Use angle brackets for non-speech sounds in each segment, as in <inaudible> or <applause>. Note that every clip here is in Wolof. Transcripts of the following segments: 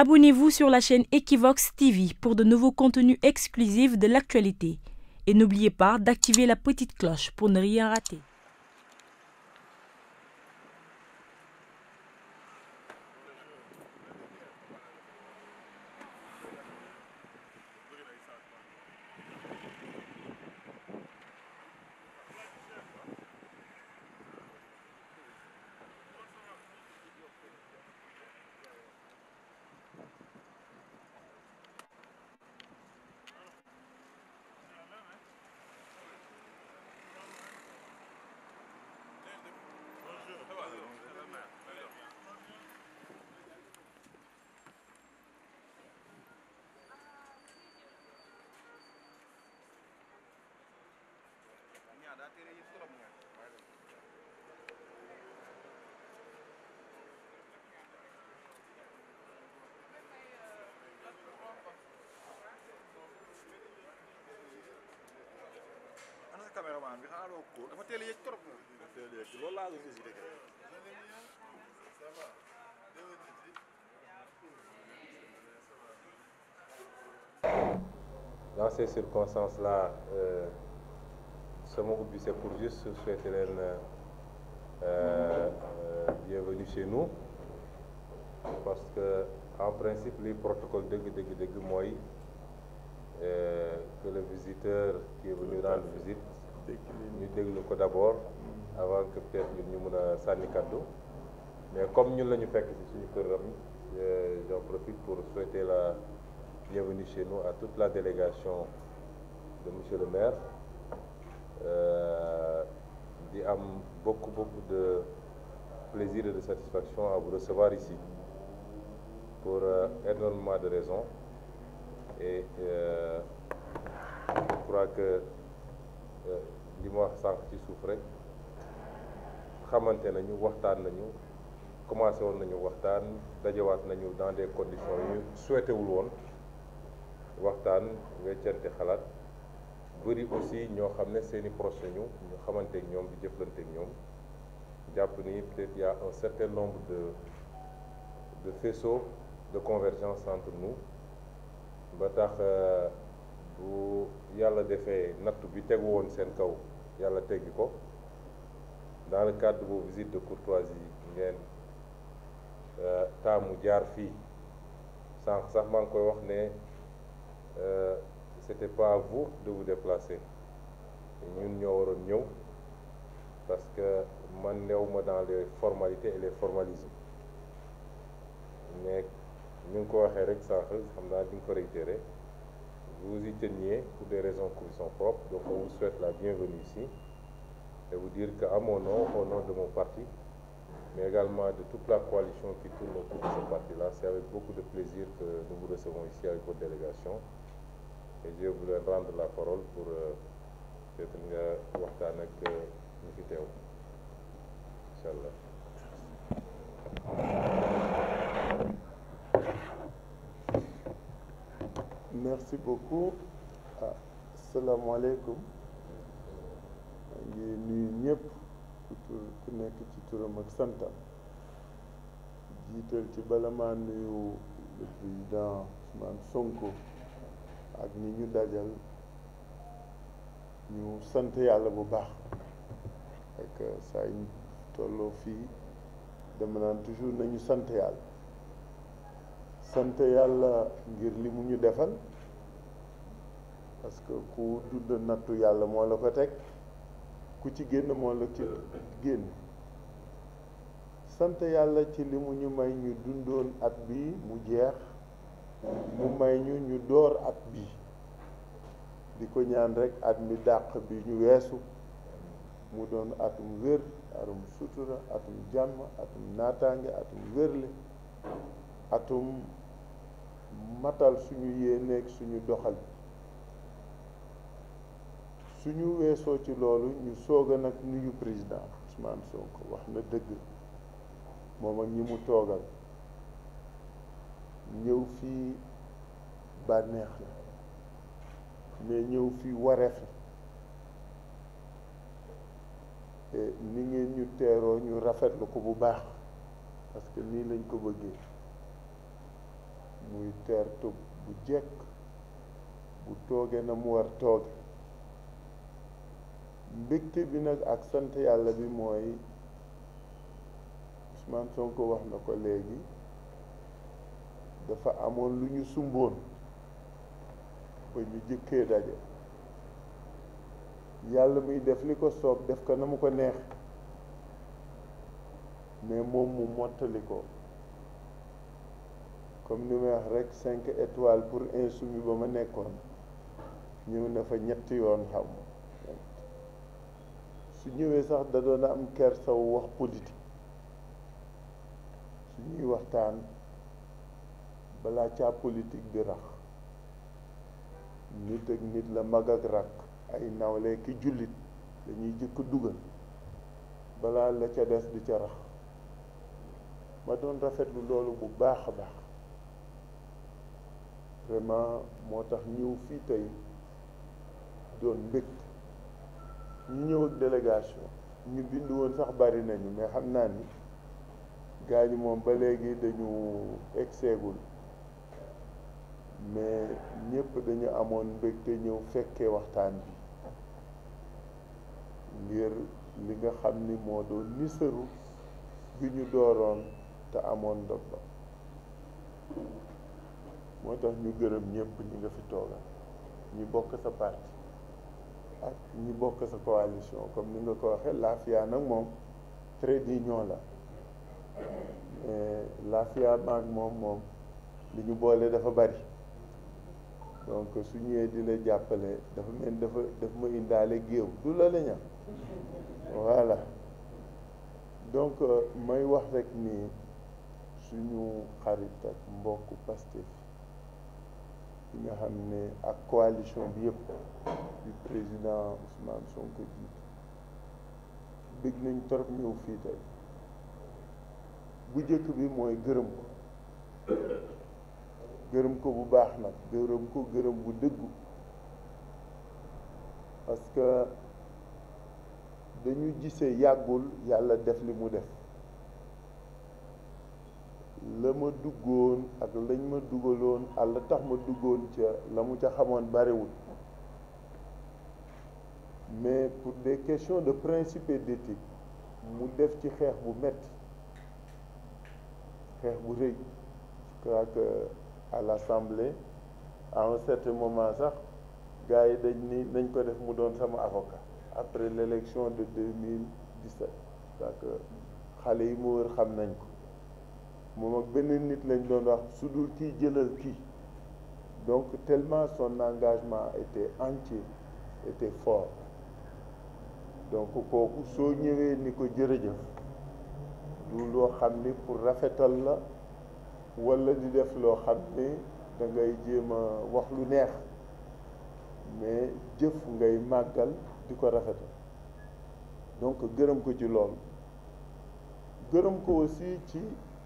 Abonnez-vous sur pour de nouveaux contenus exclusifs de l'actualité. Et n'oubliez pas d'activer la petite cloche pour ne rien rater. alxuraan bi xaaroo ko dafa teel a yëg trop moom. dafa teel a yëg loolu laa doon hésité kay. dans ces circonstances là euh, sama ubbi c'est pour juste euh, euh, que en principe li mooy que visiteur qui est venu rendre ñu déglu ko d'abord avant que peut ñu mën a sànni kaddu mais comme ñun la ñu fekk ci suñu këram j'en profite pour souhaiter la bienvenue chez nous à toute la délégation de monsieur le maire euh, di am beaucoup beaucoup de plaisir et de satisfaction à recevoir ici pour euh, de raisons et euh, je crois que euh, li ma wax sànq ci suuf rek xamante nañu waxtaan nañu commencé woon nañu waxtaan dajawaat nañu dans des conditions yu souhaité wul woon waxtaan weccante xalaat bëri aussi ñoo xam ne seeni i proche ñu ñu xamante ñoom di jëflanteek ñoom jàpp nii peut-être y un certain nombre de de faisceaux de convergence entre nous ba tax euh, bu yàlla defee nattu bi tegu woon seen kaw yàlla teggi ko dans le cadre de vos visites de courtoisie ngeen euh, taamu jaar fii sànq sax maa ngi koy wax ne euh, c'était pas à vous de vous déplacer ñun ñoo waroon ñëw parce que man néew ma dans les et les formalismes mais ni nga ko waxee rek sànq xam naa di nga ko réitéré vous y teniez pour des raisons qui vous sont propres. Donc on vous la bienvenue ici et vous dire qu'à mon nom, au nom de mon parti, mais également de tout la coalition qui tourne autour de ce parti-là, c'est avec beaucoup de plaisir que nous vous recevons ici avec votre délégation. je voulais rendre la parole pour euh, peut-être nga waxtaan ak euh, ñu fi teew incha allah merci beaucoup ah asalaamaaleykum maa ngi nuyu ñëpp ku nekk ci turam ak santam jiital ci bala maa nuyu le président Ousmane Sonko ak ni ñu dajal ñu sant yàlla bu baax ak saa yu tolloo fii dama naan toujours nañu sant yàlla sant yàlla ngir li mu ñu defal parce que ku dund nattu yàlla moo la ko teg ku ci génn moo la ci génn sant yàlla ci li mu ñu may ñu dundoon at bi mu jeex mu may ñu ñu door at bi di ko ñaan rekk at mi dàq bi ñu weesu mu doon atum wér atum sutura atum jànm atum nataange atum wérle atum matal suñu yéeneeg suñu doxal suñu weesoo ci loolu ñu soog a nag nuyu président Ousmane Sonko wax na dëgg moom ak ñi mu toogal ñëw fii bànneex la mais ñëw fii wareef la ni ngeen ñu teeroo ñu rafet la ko bu baax parce que nii lañ ko bëggee muy teertu bu jekk bu tooge na mu war tooge mbégte bi nag ak sant yàlla bi mooy Ousmane ko wax na ko léegi dafa amoon lu ñu sumboon ba ñu jëkkee daje yàlla muy def li ko soob def ko na mu ko neex mais moom mu mottali ko comme ni may wax rek cinq étoiles pour insoumis ba ma nekkoon ñëw na fa ñetti yoon xam su ñëwee sax da doon am kersaw wax politique su ñuy waxtaan balaa caa politique di rax nit ak nit la mag ak rakk ay nawle ki jullit dañuy jëkk dugal balaa la ca des di ca rax ma doon rafetlu loolu bu baax a baax vraiment moo tax ñëw fii tey doon mbég ñu ñëw ak délégation ñu bind woon sax bari nañu mais xam naa ni gaa ñi moom ba léegi dañu egseegul mais ñëpp dañu amoon mbégte ñëw fekkee waxtaan bi ngir li nga xam ni moo doon nisaru bi ñu dooroon te amoon ndog ba moo tax ñu gërëm ñëpp ñu nga fi toogal ñu bokk sa parti ak ñu bokk sa coalition comme ni nga ko waxee laafiya nag moom trait d'union la eh, laafiya maag moom moom li ñu boole dafa bari donc su ñëwee di la jàppale dafa mel dafa dafa ma indaale géew du la la ñam donc euh, may wax rek ni suñu xarit ak mbokk Pastef bi nga xam ne ak coalition bi yëpp di président Ousmane sonk jiitu bëgg nañ torop ñëw fii tey bu jëkk bi mooy gërëm ko gërëm ko bu baax nag gërëm ko gërëm bu dëggu parce que dañu gisee yàggul yàlla def li mu def la ma duggoon ak lañ ma dugaloon ak la tax ma duggoon ca la mu ca xamoon bariwul mais pour des question de principe et mu def ci xeex bu metti xeex bu rëy je crois que à l'Assemblée à un certain moment sax gars yi dañ ni nañ ko def mu doon sama avocat après l'élection de 2017 je crois que xale yi mu wër xam nañ ko moom ak benn nit lañ doon wax su dul kii jëlal kii donc tellement son engagement était entier était fort donc kooku soo ñëwee ni ko jërëjëf du loo xam ni pour rafetal la walla di def loo xam ni da ngay jéem a wax lu neex mais jëf ngay màggal di ko rafetal donc gërëm ko ci loolu gërëm ko aussi ci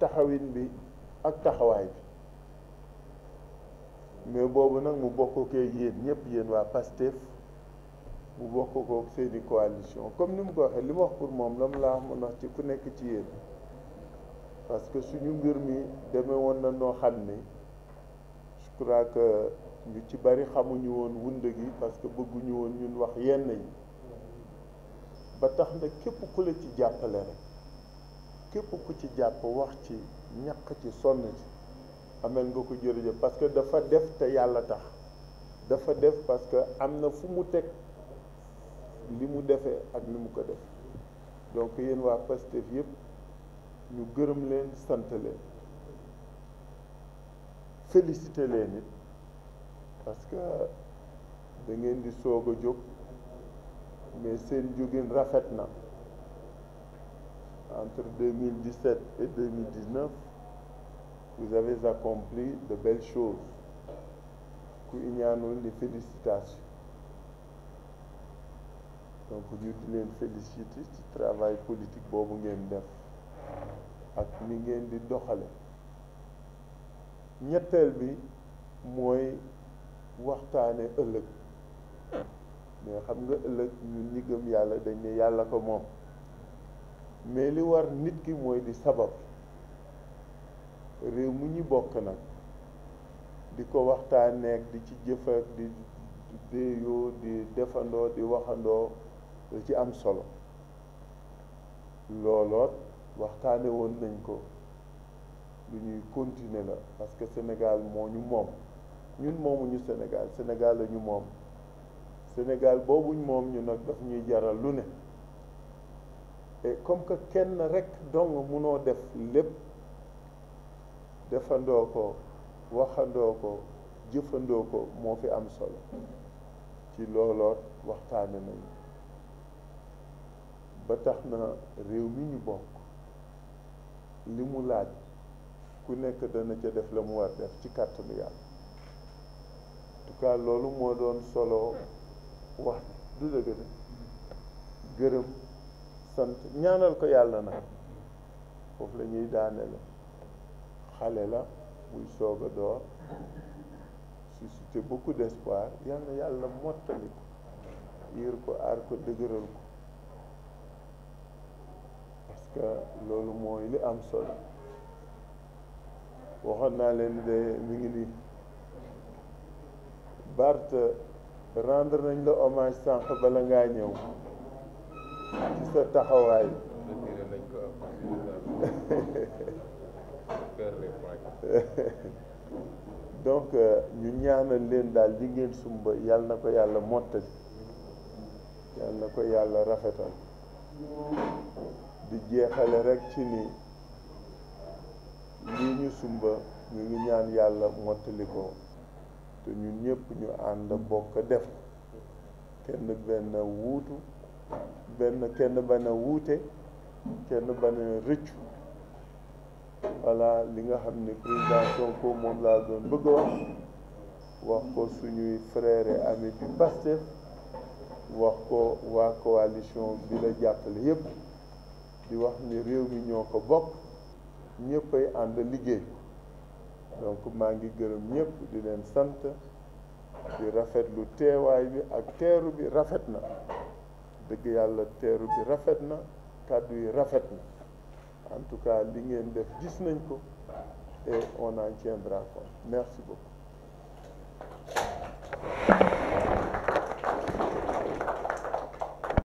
taxawin bi ak taxawaay bi mais boobu nag mu bokk ko yéen ñëpp yéen waa PASTEF mu bokk ko seeni coalition comme ni mu ko waxee li mu wax pour moom la mu laa mën wax ci ku nekk ci yéen parce que suñu mbir mi demee woon na noo xam ne je crois ñu ci bari xamuñu woon wund gi parce que bëgguñu woon ñun wax yenn yi ba tax na képp ku la ci jàppale rek képp ku ci jàpp wax ci ñaq ci sonn ci amel nga ko jërëjëf parce que dafa def te yàlla tax dafa def parce que am na fu mu teg li mu defee ak ni mu ko def donc yéen waa Pastef yëpp ñu gërëm leen sant leen félicité leen it parce que da ngeen di soog a jóg mais seen jógin rafet na entre 2017 et 2019 vous avez accompli de belles choses ku ñaanul di félicitations donc ñu di leen féliciter ci travail politique boobu ngeen def ak ni ngeen di doxale ñetteel bi mooy waxtaane ëllëg mais xam nga ëllëg ñun ñi yàlla dañ yàlla ko moom mais li war nit ki mooy di sabab réew mu ñu bokk nag di ko waxtaaneeg di ci jëf di déeyoo di defandoo di waxandoo lu ci am solo looloot waxtaane woon nañ ko lu ñuy continuer la parce que Sénégal moo ñu moom ñun moomuñu Sénégal Sénégal la moom Sénégal boobuñ moom ñu nag daf ñuy jaral lu ne comme que kenn rekk dong munoo def lépp defandoo ko waxandoo ko jëfandoo ko moo fi am solo ci looloot waxtaane nañu ba tax na réew mi ñu bokk li mu laaj ku nekk dana ca def la mu war def ci kàttanu yàlla en loolu moo doon solo wax du dëgg gërëm sant ñaanal ko yàlla na foofu la ñuy daanele xale la buy soog a door suscité beaucoup d'espoir yal na yàlla mottali ko yiir ko aar ko dëgëral ko parce que loolu mooy li am solo waxoon naa leen de mi ngi nii Bart rendre nañ la hommage sànq bala ngaa ñëw sa taxawaay <laughs> donc euh, ñu ñaanal leen daal li ngeen sumba yàlla na ko yàlla mottali yàlla ko yàlla rafetal di jeexale rekk ci ni lii ñu sumba ñu ngi ñaan yàlla mottali ko te ñun ñëpp ñu ànd bokk def kenn benn wuutu benn kenn bañ a wuute kenn bañ a rëccu voilà li nga xam ne président Sonko moom laa doon bëgg wax ko suñuy frère et ami du Pastef wax ko waa coalition bi la jàppale yépp di wax ni réew mi ñoo ko bokk ñëpp ay ànd liggéey donc maa ngi gërëm ñépp di leen sant di rafetlu teewaay bi ak teeru bi rafet na dëgg yàlla teeru bi rafet na kàddu yi rafet na en tout cas li ngeen def gis nañ ko et on en tiendra compte merci beaucoup